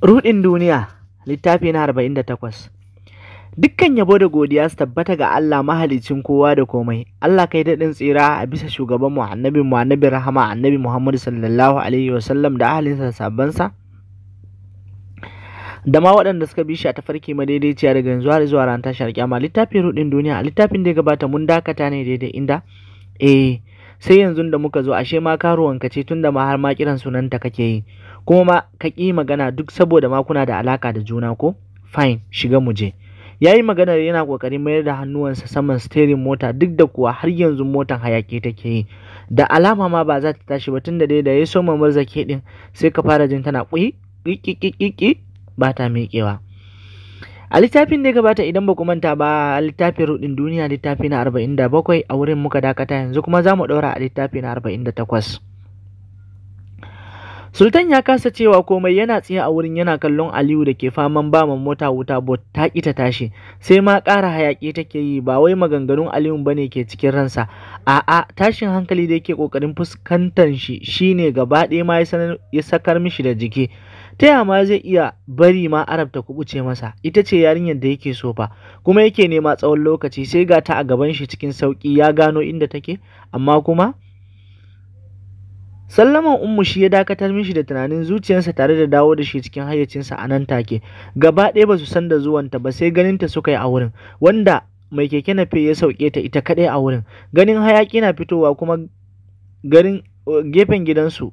Ruɗin duniya littafi na arba'in da takwas Dukkan yabo da godiya su tabbata ga Allah mahalicin kowa da komai. Allah kai daɗin tsira a bisa shugaban mu annabi mu annabi rahama annabi Muhammadu sallallahu alaihi wasallam da ahalinsa da sabbansa. Da ma waɗanda suka bi shi a tafarki madaidaiciya daga yanzu har zuwa ran tashar kyama littafin ruɗin duniya a littafin da ya gabata mun dakata ne daidai inda eh sai yanzu da muka zo ashe ma karuwanka ce tunda ma har ma kiran sunanta kake yi. kuma ma ka ƙi magana duk saboda ma kuna da alaka da juna ko fine shiga mu je ya yi maganar yana ƙoƙarin mayar da hannuwansa saman steering mota duk da kuwa har yanzu motan hayaki take yi da alama ma ba za ta tashi ba tun da dai da ya soma murza ɗin sai ka fara jin tana ƙui ƙiƙiƙiƙi ba ta miƙewa a littafin da ya gabata idan ba ku manta ba a littafin rudin duniya littafi na 47 a wurin muka dakata yanzu kuma za mu ɗaura a littafi na 48 Sultan ya kasa cewa komai yana tsaye a wurin yana kallon Aliyu da ke faman ba mota wuta bot ta ki ta tashi sai ma ƙara hayaƙi take yi ba wai maganganun Aliyu bane ke cikin ransa a'a tashin hankali da yake kokarin fuskantar shi shine gaba ɗaya ma ya sakar mishi da jiki ta ya ma zai iya bari ma Arab ta kubuce masa ita ce yarinyar da yake so fa kuma yake nema tsawon lokaci sai ga ta a gaban shi cikin sauki ya gano inda take amma kuma Sallaman Ummu shi ya dakatar mishi da tunanin zuciyarsa tare da dawo da shi cikin hayyacinsa a nan take. Gaba ɗaya ba su san da zuwanta ba sai ganinta suka yi a wurin, wanda mai keke na ya sauke ta ita kaɗai a wurin. Ganin hayaƙi na fitowa kuma garin gefen gidansu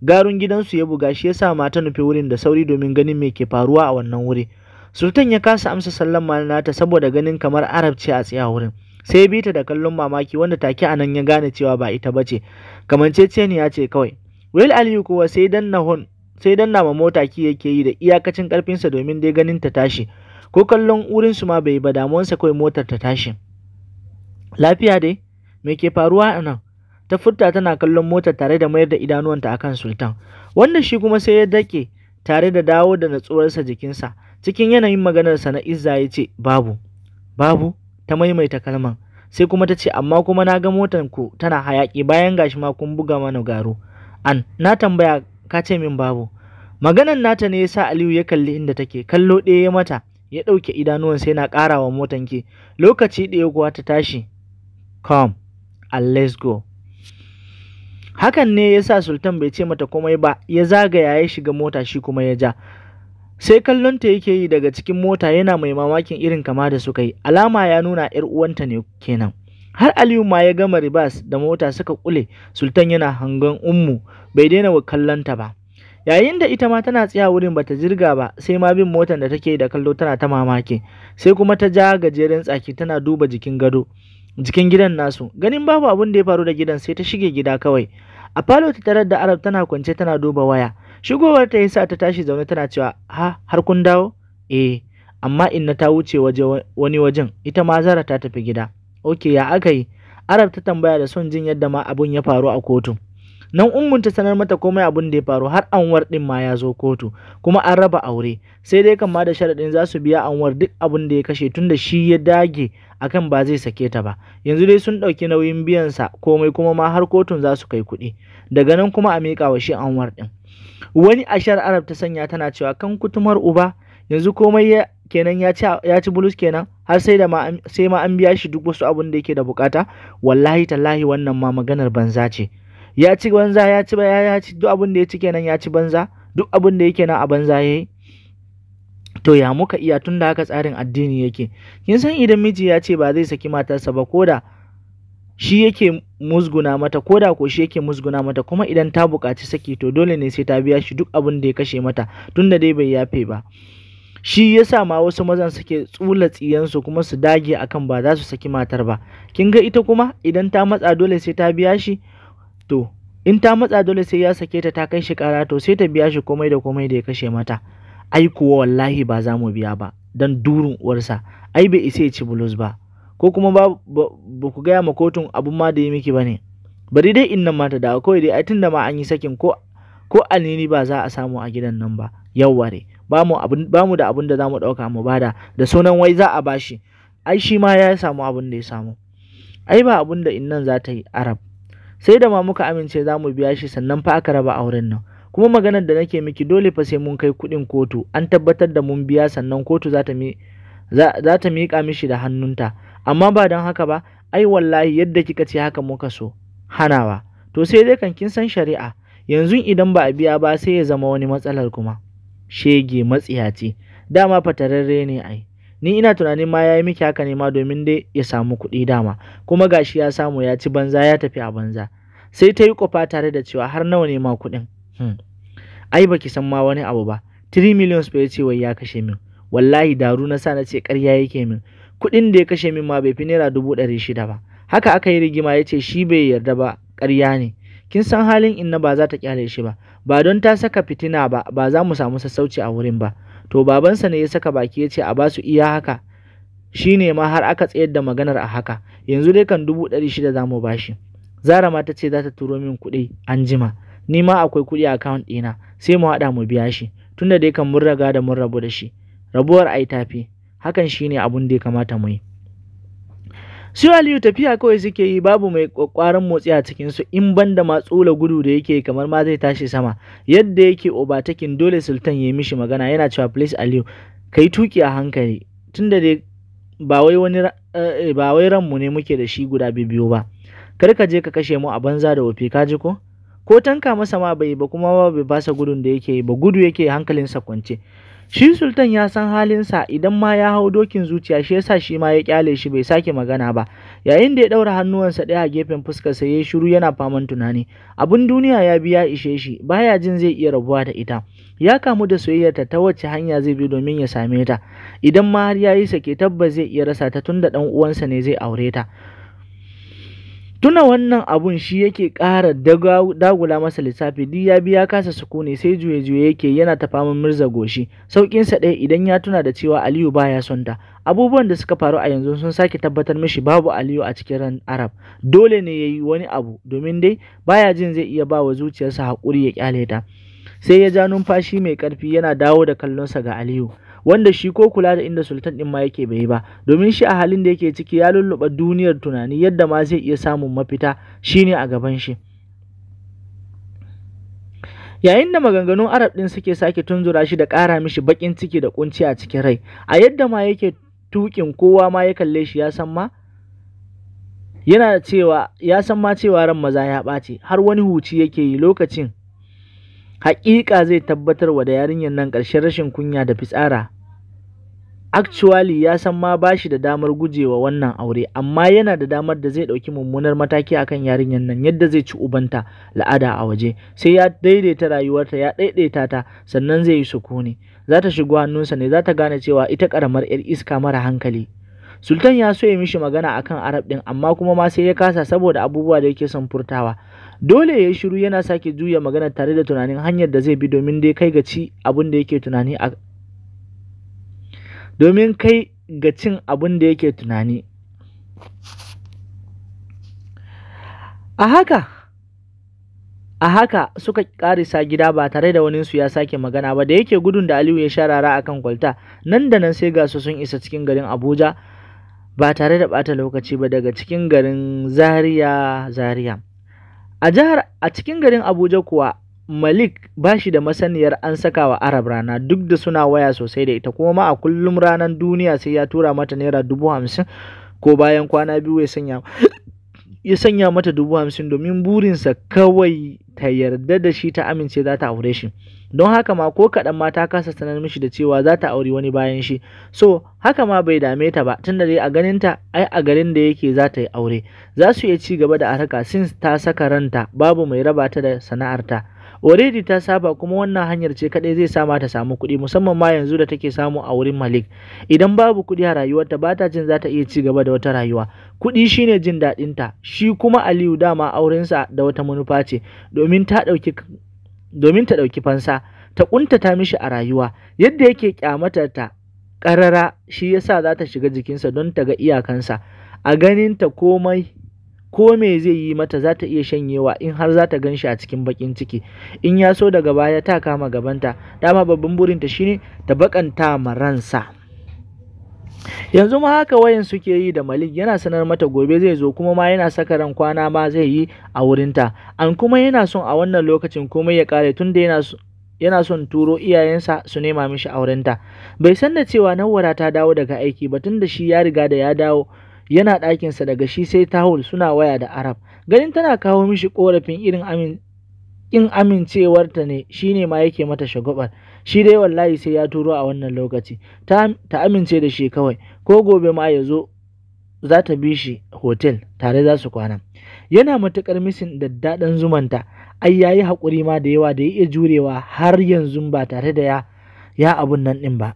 garun gidansu ya buga shi ya sa mata nufi wurin da sauri domin ganin me ke faruwa a wannan wuri. Sultan ya kasa amsa sallama nata saboda ganin kamar Arab ce a tsaya wurin. sai Bita bi ta da kallon mamaki wanda take a nan ya gane cewa ba ita ba ce ya ce kawai will aliyu kuwa sai na hon sai dan ma mota ki yake yi da iyakacin karfinsa domin dai ganin ta tashi ko kallon urin su ma bai ba damuwansa kawai motar ta tashi lafiya dai me ke faruwa a nan ta furta tana kallon motar tare da mayar da idanuwanta akan sultan wanda shi kuma sai ya dake tare da dawo da natsuwarsa jikinsa cikin yanayin maganarsa na izza ya ce babu babu ta maimaita kalman sai kuma ta ce amma kuma na ga motan ku tana hayaki bayan gashi ma kun buga mana garo an na tambaya ka ce min babu maganan nata ne yasa Aliyu ya kalli inda take kallo ɗaya ya mata ya ɗauke idanuwan sai na ƙara wa motan ki lokaci ɗaya kuwa ta tashi come and let's go hakan ne yasa sultan bai ce mata komai ba ya zagaya ya shiga mota shi kuma ya ja sai kallonta yake yi daga cikin mota yana mai mamakin irin kama da suka yi alama ya nuna ‘yar uwanta ne kenan har aliyu ma ya gama ribas da mota suka kule sultan yana hangon ummu bai daina wa kallonta ba yayin da ita ma tana tsaya wurin bata jirga ba sai ma bin motar da take da kallo tana ta mamaki sai kuma ta ja gajeren tsaki tana duba jikin gado jikin gidan nasu ganin babu abin da ya faru da gidan sai ta shige gida kawai a falo ta tarar da arab tana kwance tana duba waya shigowar ta yasa ta tashi zaune tana cewa ha har kun dawo eh amma inna ta wuce waje wani wajen ita ma zara ta tafi gida okay ya aka yi arab ta tambaya da son jin yadda ma abun ya faru a kotun nan ummun ta sanar mata komai abin da ya faru har anwar din ma ya zo kotu kuma an raba aure sai dai kama da sharadin za su biya anwar duk abin da ya kashe tunda shi ya dage akan ba zai sake ta ba yanzu dai sun ɗauki nauyin biyan sa komai kuma ma har kotun za su kai kuɗi daga nan kuma a miƙa wa shi anwar din wani a arab ta sanya tana cewa kan kutumar uba yanzu komai ya kenan ya ci ya ci bulus kenan har sai da ma sai ma an biya shi duk wasu abun da yake da bukata wallahi tallahi wannan ma maganar banza ce ya ci banza ya ci ya ci duk abin da ya ci kenan ya ci banza duk abin da yake nan a banza yayi to ya muka iya tunda haka tsarin addini yake kin san idan miji ya ce ba zai saki matarsa ba koda shi yake musguna mata koda ko shi yake musguna mata kuma idan ta buƙaci saki to dole ne sai ta biya shi duk abin da ya kashe mata tunda dai bai yafe ba shi yasa ma wasu mazan suke tsula tsiyansu kuma su dage akan ba za su saki matar ba kin ga ita kuma idan ta matsa dole sai ta biya shi to in ta matsa dole sai ya sake ta ta kai shi kara to sai ta biya shi komai da komai da ya kashe mata ai kuwa wallahi ba za mu biya ba dan durin uwarsa ai bai isa ya ci bulus ba ko kuma ba ba ku gaya ma kotun abun ma da yi miki bane bari dai in nan mata da dai ai tunda ma an yi sakin ko ko alini ba za a samu a gidan nan ba yawware ba mu ba mu da abun da za mu ɗauka mu bada da sunan wai za a bashi ai shi ma ya samu abin da ya samu ai ba abin da innan za ta yi arab sai da ma muka amince za mu biya shi sannan fa aka raba auren nan kuma maganar da nake miki dole fa sai mun kai kuɗin kotu an tabbatar da mun biya sannan kotu za ta mi za ta miƙa mishi da hannunta amma ba don haka ba ai wallahi yadda kika ce haka muka so hanawa to sai dai kan kin san shari'a yanzu idan ba a biya ba sai ya zama wani matsalar kuma shege matsiyaci dama fatararre ne ai ni ina tunanin ma ya yi miki haka ne ma domin dai ya samu kuɗi dama kuma gashi ya samu ya ci banza ya tafi a banza sai ta yi kofa tare da cewa har nawa ne ma kuɗin hmm. ai baki san ma wani abu ba 3 million fa ya ce wai ya kashe min wallahi daru na sa na ce ƙarya yake min kuɗin da ya kashe min ma bai fi naira dubu ɗari shida ba haka aka yi rigima ya ce shi bai yarda ba ƙarya ne kin san halin inna ba za ta kyale shi ba ba don ta saka fitina ba ba za mu samu sassauci a wurin ba to babansa ne ya saka baki ya ce a basu iya haka shi ne ma har aka tsayar da maganar a haka yanzu dai kan dubu ɗari shida za mu bashi zara ma ta ce za ta turo min kuɗi an jima ni ma akwai kuɗi a akawun ɗina sai mu haɗa mu biya shi tunda dai kan mun raga da mun rabu da shi rabuwar ai tafi hakan shi ne abun da ya kamata mu yi su aliyu tafiya kawai suke yi babu mai kwakwaran motsi a cikin su in banda matsula gudu da yake kamar ma zai tashi sama yadda yake obatakin dole sultan ya mishi magana yana cewa please aliyu kai tuki a hankali tunda dai ba wai wani eh, ba wai ranmu ne muke da shi guda biyu ba kar ka je ka kashe mu a banza da wofi ka ji ko ko tanka masa ma bai ba kuma ba bai basa gudun da yake yi ba gudu yake hankalinsa kwance shi sultan ya san halinsa idan ma ya hau dokin zuciya shi yasa shi ma ya kyale shi bai sake magana ba yayin da ya daura hannuwansa ɗaya a gefen sai ya shiru yana faman tunani abin duniya ya biya ishe shi baya jin zai iya rabuwa da ita ya kamu da soyayyarta ta wacce hanya zai bi domin ya same ta idan ma har ya yi sake tabbas zai iya rasa ta tunda dan uwansa ne zai aure ta Tuna wannan abun shi yake ƙara dagula masa lissafi duk ya biya kasa kasa sukuni sai juye-juye yake yana ta fama Mirza goshi sauƙinsa ɗaya idan ya tuna da cewa Aliyu baya son ta abubuwan da suka faru a yanzu sun sake tabbatar mishi babu Aliyu a cikin ran Arab dole ne yayi wani abu domin dai baya jin zai iya ba wa zuciyarsa haƙuri ya kyale ta sai ya ja numfashi mai ƙarfi yana dawo da kallonsa ga Aliyu wanda shi ko kula da inda sultan din ma yake bai ba domin shi a halin da yake ciki ya lulluɓa duniyar tunani yadda ma zai iya samun mafita shine a gaban shi yayin da maganganun arab din suke sake tunzura shi da ƙara mishi baƙin ciki da kunci a cikin rai a yadda ma yake tuƙin kowa ma ya kalle shi ya san ma yana cewa ya san ma cewa ran maza ya ɓaci har wani huci yake yi lokacin haƙiƙa zai tabbatar wa da yarinyar nan ƙarshen rashin kunya da fitsara Actually ya san ma ba shi da damar gujewa wannan aure amma yana da damar da zai ɗauki mummunar mataki akan yarinyar nan yadda zai ci ubanta la'ada a waje sai ya daidaita rayuwarta ya daidaita ta sannan zai yi sukuni za ta shigo hannunsa ne za ta gane cewa ita karamar yar iska mara hankali Sultan ya so ya mishi magana akan Arab din amma kuma ma sai ya kasa saboda abubuwa da yake son furtawa dole ya shiru yana sake juya magana tare da tunanin hanyar da zai bi domin dai kai ga ci abin da yake tunani domin kai ga cin abin da yake tunani. A haka, a haka suka ƙarisa gida ba tare da waninsu ya sake magana ba da yake gudun da Aliyu ya sharara a kan kwalta nan da nan sai ga su sun isa cikin garin Abuja ba tare da bata lokaci ba daga cikin garin Zaria Zaria. a cikin garin Abuja kuwa Malik ba shi da masaniyar an saka wa Arab rana duk da suna waya sosai da ita kuma ma a kullum ranar duniya sai ya tura mata naira dubu hamsin ko bayan kwana biyu ya sanya mata dubu hamsin domin burinsa kawai ta yarda da shi ta amince za ta aure shi don haka ma ko kaɗan ma ta kasa sanar mishi da cewa za ta aure wani bayan shi so haka ma bai dame ta ba tunda dai a ganinta ai a garin da yake za ta yi aure za su iya ci gaba da araka since ta saka ranta babu mai rabata da sana'arta already ta saba kuma wannan hanyar ce kadai zai sama ta samu kuɗi musamman ma yanzu da take samu a wurin Malik idan babu kuɗi a rayuwarta ba ta jin za ta iya ci gaba da wata rayuwa kuɗi shine jin daɗinta shi kuma Aliyu dama aurensa da wata manufa ce domin ta ɗauki domin ta ɗauki fansa ta ƙuntata mishi a rayuwa yadda yake kyamata ta ƙarara shi yasa za ta shiga jikinsa don ta ga iyakansa a ganinta komai ko me zai yi mata za ta iya shanyewa in har za ta gan shi a cikin bakin ciki in ya so daga baya ta kama gabanta dama babban burinta shine ta bakanta ma ransa yanzu ma haka wayan suke yi da malik yana sanar mata gobe zai zo kuma ma yana saka ran kwana ma zai yi a wurinta an kuma yana son a wannan lokacin komai ya kare tunda yana yana son turo iyayensa su nema mishi aurenta bai san da cewa nawara ta dawo daga aiki ba tunda shi ya riga da ya dawo yana ɗakinsa daga shi sai tahul suna waya da arab ganin tana kawo mishi korafin irin amin in amincewarta ne shine ma yake mata shagobar shi dai wallahi sai ya turo a wannan lokaci ta, ta amince da shi kawai ko gobe ma ya zo za ta bi shi hotel tare za su kwana yana matuƙar misin daddaɗan zumanta ai yayi haƙuri ma da yawa da ya iya jurewa har yanzu ba tare da ya ya abun nan ɗin ba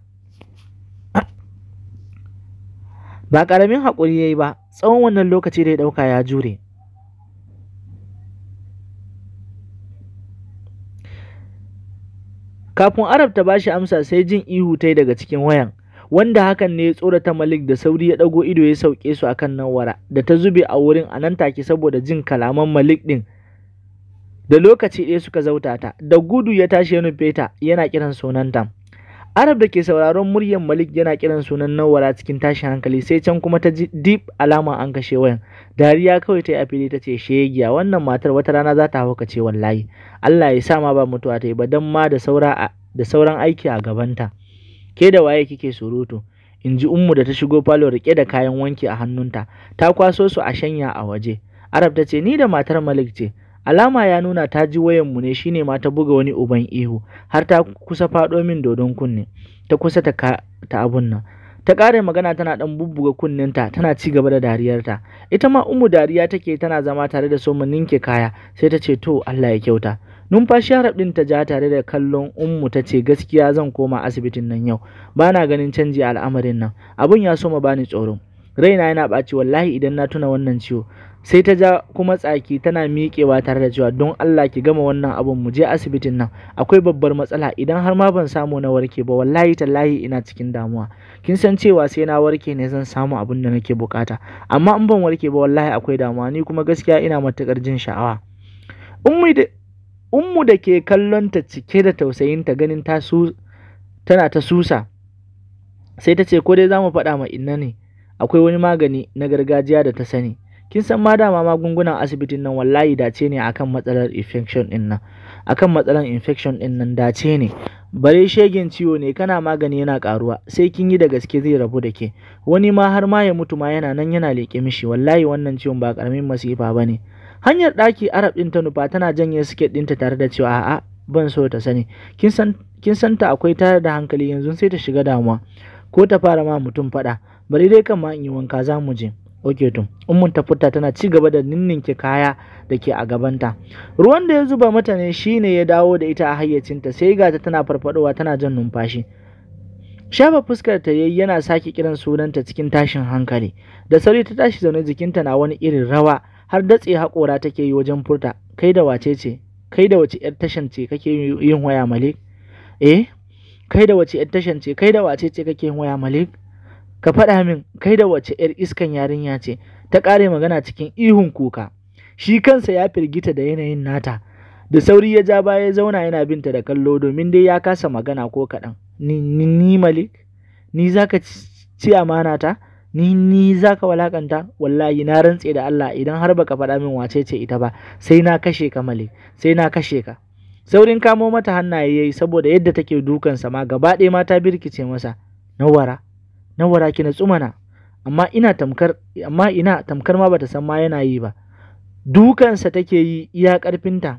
ba ƙaramin haƙuri ya yi ba tsawon wannan lokaci da ya ɗauka ya jure kafin arab ta bashi amsa sai jin ihu ta daga cikin wayan wanda hakan ne ya tsorata malik da sauri ya ɗago ido ya sauke su akan nawara da ta zube a wurin a nan take saboda jin kalaman malik ɗin da lokaci ɗaya suka zauta ta da gudu ya tashi ya nufe ta yana kiran sunanta Arab da ke sauraron muryar Malik yana kiran sunan Nawara cikin tashin hankali sai can kuma ta ji deep alama an kashe wayan. Dariya kawai ta yi a fili ta ce shegiya wannan matar wata rana za ta hauka ce wallahi. Allah ya sa ma ba mutuwa ta yi ba dan ma da da sauran aiki a gabanta. Ke da waye kike surutu? In ji Ummu da ta shigo falo rike da kayan wanki a hannunta. Ta kwaso su a shanya a waje. Arab ta ce ni da matar Malik ce. Alama ya nuna ta ji wayanmu ne shi ne ma ta buga wani uban ihu, har ta kusa faɗo min dodon kunne, ta kusa ta, abun nan. Ta ƙara magana tana ɗan bubbuga kunninta tana ci gaba da dariyarta. Ita ma umu dariya take tana zama tare da so ninke kaya sai ta ce to Allah ya kyauta. Numfashi harab ɗin ta ja tare da kallon ummu ta ce gaskiya zan koma asibitin nan yau. Bana ganin canji al'amarin nan. Abun ya soma ma bani tsoro. Raina yana ɓaci wallahi idan na tuna wannan ciwo. sai ta ja kuma tsaki tana miƙewa tare da cewa don Allah ki gama wannan abun mu je asibitin nan akwai babbar matsala idan har ma ban samu na warke ba wallahi tallahi ina cikin damuwa kin san cewa sai na warke ne zan samu abin da nake bukata amma in ban warke ba wallahi akwai damuwa ni kuma gaskiya ina matukar jin sha'awa ummu da ke kallon ta cike da tausayin ta ganin ta su tana ta susa sai ta ce ko dai zamu mu faɗa ma inna ne akwai wani magani na gargajiya da ta sani kin san ma dama magungunan asibitin nan wallahi dace ne akan matsalar infection din nan akan matsalar infection din nan dace ne bare shegin ciwo ne kana magani yana karuwa sai kin yi da gaske zai rabu da ke wani ma har ma ya mutu ma yana nan yana leƙe mishi wallahi wannan ciwon ba karamin masifa bane hanyar ɗaki arab ɗin ta nufa tana janye siket ta tare da cewa a'a ban so ta sani kin san kin san ta akwai tare da hankali yanzu sai ta shiga damuwa ko ta fara ma mutum faɗa bari dai kan ma in yi wanka za mu je ok to ummun tafuta tana ci gaba da ninninke kaya da ke a gabanta ruwan da ya zuba mata ne shine ya dawo da ita a hayyacinta sai ga ta tana farfadowa tana jan numfashi shafa fuskar ta yayi yana sake kiran sunanta cikin tashin hankali da sauri ta tashi zaune jikinta na wani irin rawa har datse hakora take yi wajen furta kai da wace ce kai da wace yar tashan ce kake yin waya malik eh kai da wace yar tashan ce kai da wace ce kake yin waya malik ka faɗa min kai da wace 'yar iskan yarinya ce ta ƙare magana cikin ihun kuka shi kansa ya firgita da yanayin nata da sauri ya ja baya zauna yana binta da kallo domin dai ya kasa magana ko kaɗan ni ni malik ni za ka ci amana ta ni ni za ka walakanta wallahi na rantse da Allah idan har baka faɗa min wace ce ita ba sai na kashe ka malik sai na kashe ka saurin kamo mata hannaye yayi saboda yadda take dukansa ma gaba ɗaya mata birkice masa nawara na wara ki tsumana amma ina tamkar amma ina tamkar ma bata san ma yana yi ba dukansa take yi iya ƙarfinta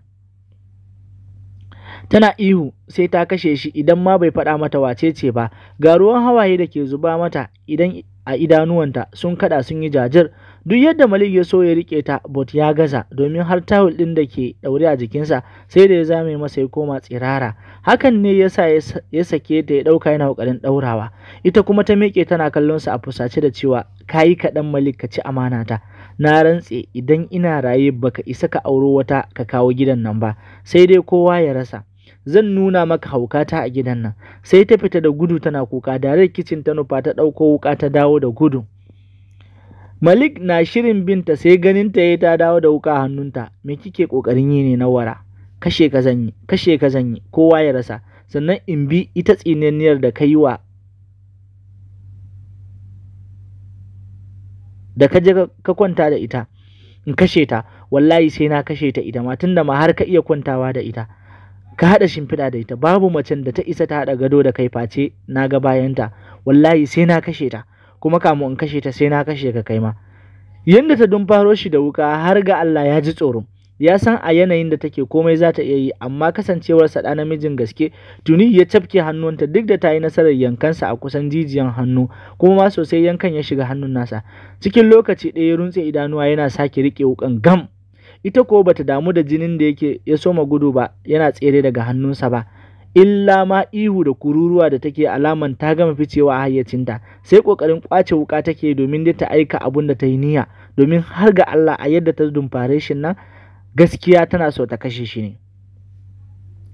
tana ihu sai ta kashe shi idan ma bai faɗa mata wace ce ba ga ruwan hawaye da ke zuba mata idan a idanuwanta sun kada sun yi jajir duk yadda Malik ya so ya rike ta but ya gaza domin har tawul din da ke daure a jikinsa sai da ya zame masa ya koma tsirara hakan ne yasa ya sake ta ya dauka yana kokarin daurawa ita kuma ta miƙe tana kallon sa a fusace da cewa kayi kaɗan Malik ka ci amana ta na rantse idan ina raye baka isa ka auro wata ka kawo gidan nan ba sai dai kowa ya rasa zan nuna maka haukata a gidan nan sai ta fita da gudu tana kuka dare kicin ta nufa ta ɗauko wuka ta dawo da gudu Malik na shirin binta sai ganin ta yi ta dawo da wuka hannunta. Me kike ƙoƙarin yi ne na wara? Kashe ka zanyi, kashe ka zanyi, kowa ya rasa. Sannan in bi ita tsinanniyar da ka wa da ka je ka kwanta da ita in kashe ta wallahi sai na kashe ta ita ma tunda ma har ka iya kwantawa da ita ka haɗa shimfiɗa da ita babu macen da ta isa ta haɗa gado da kai face na ga bayanta wallahi sai na kashe ta kuma kamun in kashe ta sai na kashe ka kai ma yadda ta dumfaro shi da wuka har ga Allah ya ji tsoro ya san a yanayin da take komai za ta iya yi amma kasancewarsa ɗa namijin gaske tuni ya cafke hannunta duk da ta yi nasarar yankansa a kusan jijiyan hannu kuma ma sosai yankan ya shiga hannun nasa cikin lokaci ɗaya ya runtse idanuwa yana sake riƙe wukan gam ita ko bata damu da jinin da yake ya soma gudu ba yana tsere daga hannunsa ba illa ma ihu da kururuwa da take alaman ta gama ficewa a hayyacinta sai kokarin kwace wuka take domin dai ta aika abun da ta yi niyya domin har ga Allah a yadda ta dumfare shi nan gaskiya tana so ta kashe shi ne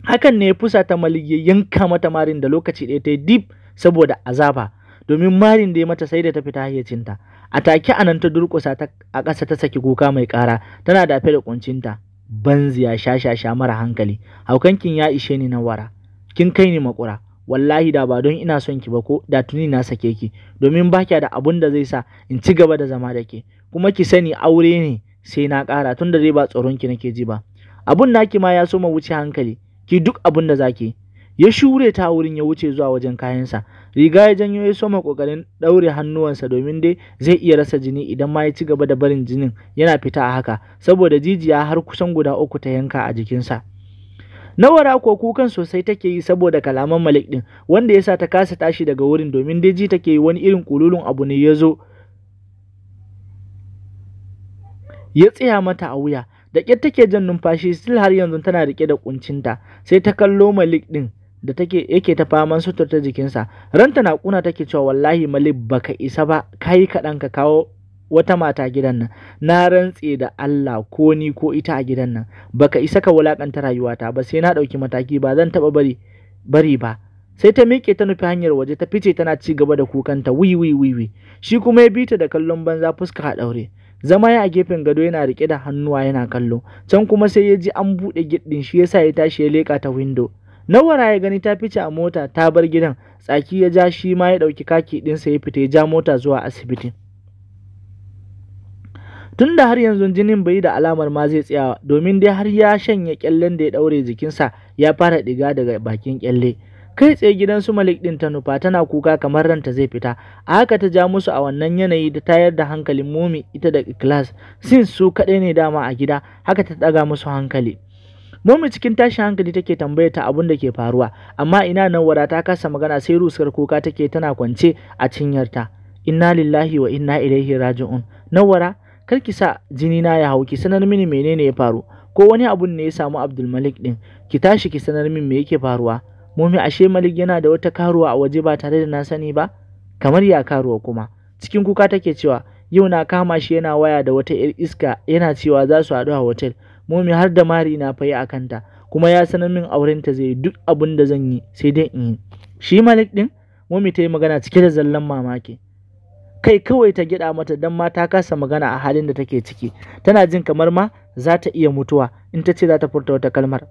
hakan ne fusa ta malik yanka mata marin da lokaci ɗaya ta yi dip saboda azaba domin marin da ya mata sai da ta fita hayyacinta a take a nan ta durƙusa a ƙasa ta saki kuka mai ƙara tana dafe da kuncinta banzi ya sha sha sha mara hankali haukankin ya ishe ni na wara kin kai ni makura wallahi da ba don ina son ki ba ko da tuni na sake ki domin ba da abun da zai sa in ci gaba da zama da ke kuma ki sani aure ne sai na ƙara tun da zai ba tsoron ki nake ji ba abun naki ma ya so ma wuce hankali ki duk abun da zaki ya shure ta wurin ya wuce zuwa wajen kayansa riga ya janyo ya soma kokarin ɗaure hannuwansa domin dai zai iya rasa jini idan ma ya ci gaba da barin jinin yana fita a haka saboda jijiya har kusan guda uku ta yanka a jikinsa. Nawara ko kukan sosai take yi saboda kalaman Malik din wanda yasa ta kasa tashi daga wurin domin ji take yi wani irin kululun abu ne ya zo ya tsaya mata a wuya da ƙyar take jan numfashi still har yanzu tana rike da kuncinta sai ta kallo Malik din da take yake ta faman ta jikinsa ranta na kuna take cewa wallahi Malik baka isa ba kai kaɗan ka kawo wata mata gidan nan na rantse da Allah ko ni ko ita a gidan nan baka isa ka wulakanta rayuwata ba sai na ɗauki mataki ba zan taɓa bari bari ba sai ta miƙe ta nufi hanyar waje ta fice tana ci gaba da kukanta wi wi wi wi shi kuma ya bita da kallon banza fuska a ɗaure zama ya a gefen gado yana riƙe da hannuwa yana kallo can kuma sai ya ji an buɗe giɗin shi yasa ya tashi ya leƙa ta windo nawara ya gani ta fice a mota ta bar gidan tsaki ya ja shi ma ya ɗauki kaki ɗinsa ya fita ya ja mota zuwa asibitin Tun da har yanzu jinin bai da alamar ma zai tsayawa, domin dai har ya shanye kyallen da ya daure jikinsa ya fara diga daga bakin kyalle kai tsaye gidan su malik din ta nufa tana kuka kamar ranta zai fita a haka ta ja musu a wannan yanayi ta tayar da hankalin momi ita da class sin su kadai ne dama a gida haka ta daga musu hankali momi cikin tashin hankali take tambaya ta abun da ke faruwa amma ina nan wada ta kasa magana sai rusar kuka take tana kwance a cinyarta inna lillahi wa inna ilaihi raji'un nawara kar ki sa jini na ya hau ki sanar mini menene ya faru ko wani abun ne ya samu Abdul malik din ki tashi ki sanar min me yake faruwa mumi ashe Malik yana da wata karuwa a waje ba tare da na sani ba kamar ya karuwa kuma cikin kuka take cewa yau na kama shi yana waya da wata yar iska yana cewa za su haɗu a hotel mumi har da mari na fayi a kanta kuma ya sanar min ta zai duk abun da zan yi sai dai in yi shi Malik din mumi ta yi magana cike da zallan mamaki kai kawai ta gida mata don mata kasa magana a halin da take ciki tana jin kamar ma za ta iya mutuwa in ta ce za ta furta wata kalmar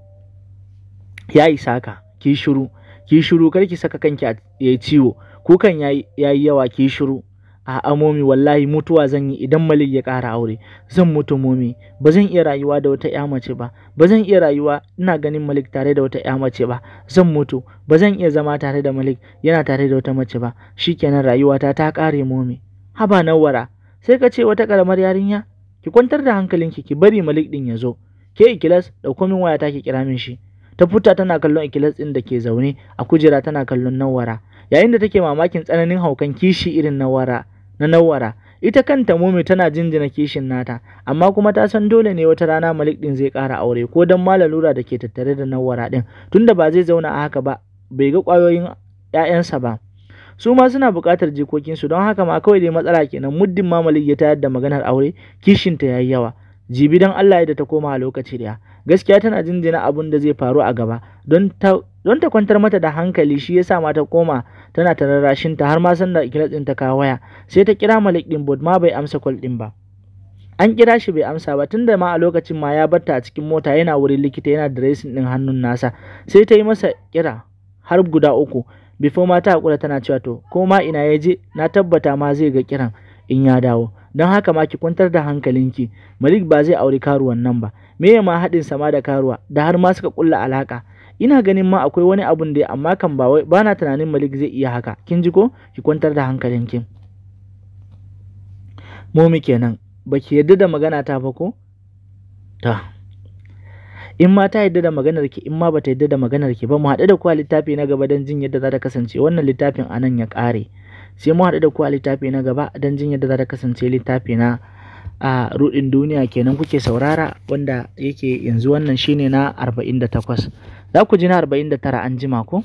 ya isa ki shiru ki shiru kar ki saka kanki yayi ciwo kukan yayi yawa ki shiru a'a momi wallahi mutuwa zan yi idan malik ya ƙara aure zan mutu momi ba zan iya rayuwa da wata ƴa mace ba ba zan iya rayuwa ina ganin malik tare da wata ƴa mace ba zan mutu ba zan iya zama tare da malik yana tare da wata mace ba shikenan rayuwata ta ƙare momi haba nawara sai ka ce wata ƙaramar yarinya ki kwantar da hankalinki ki bari malik din ya zo ke ikilas ɗauko min wayata ta ki kira min shi ta futa tana kallon ikilas ɗin da ke zaune a kujera tana kallon nawara yayin da take mamakin tsananin haukan kishi irin nawara na nawara ita kanta momi tana jinjina kishin nata amma kuma ta san dole ne wata rana malik din zai ƙara aure ko dan ma lura da ke tattare da nawara din tunda ba zai zauna a haka ba bai ga ƙwayoyin 'ya'yansa ba su ma suna buƙatar jikokinsu don haka ma kawai dai matsala kenan muddin ma ya tayar da maganar aure kishinta ya yi yawa jibi don Allah yadda ta koma a lokaci daya gaskiya tana jinjina abun da zai faru a gaba don ta don ta kwantar mata da hankali shi yasa mata koma tana tararashin ta har ma san da din ta kawo waya sai ta kira Malik din bod ma bai amsa call din ba an kira shi bai amsa ba tunda ma a lokacin ma ya batta a cikin mota yana wurin likita yana da dressing din hannun nasa sai ta yi masa kira har guda uku before ma ta hakura tana cewa to ko ma ina ya je na tabbata ma zai ga kiran in ya dawo don haka ma ki kwantar da hankalinki Malik ba zai auri karuwan nan ba Me ma haɗin sama da karuwa da har ma suka kulla alaka ina ganin ma akwai wani abun da amma kan ba wai bana tunanin Malik zai iya haka kin ji ko ki kwantar da hankalinki Momi kenan baki yadda da magana ta ba ko ta in ma ta yadda da maganar ki in ma bata yadda da maganar ki ba mu haɗu da ku a littafi na gaba don jin yadda za ta kasance wannan littafin anan ya ƙare sai mu haɗu da ku a littafi na gaba don jin yadda za ta kasance littafi na a ruɗin duniya kenan kuke saurara wanda yake yanzu wannan shine na 48 za ku ji na 49 an jima ko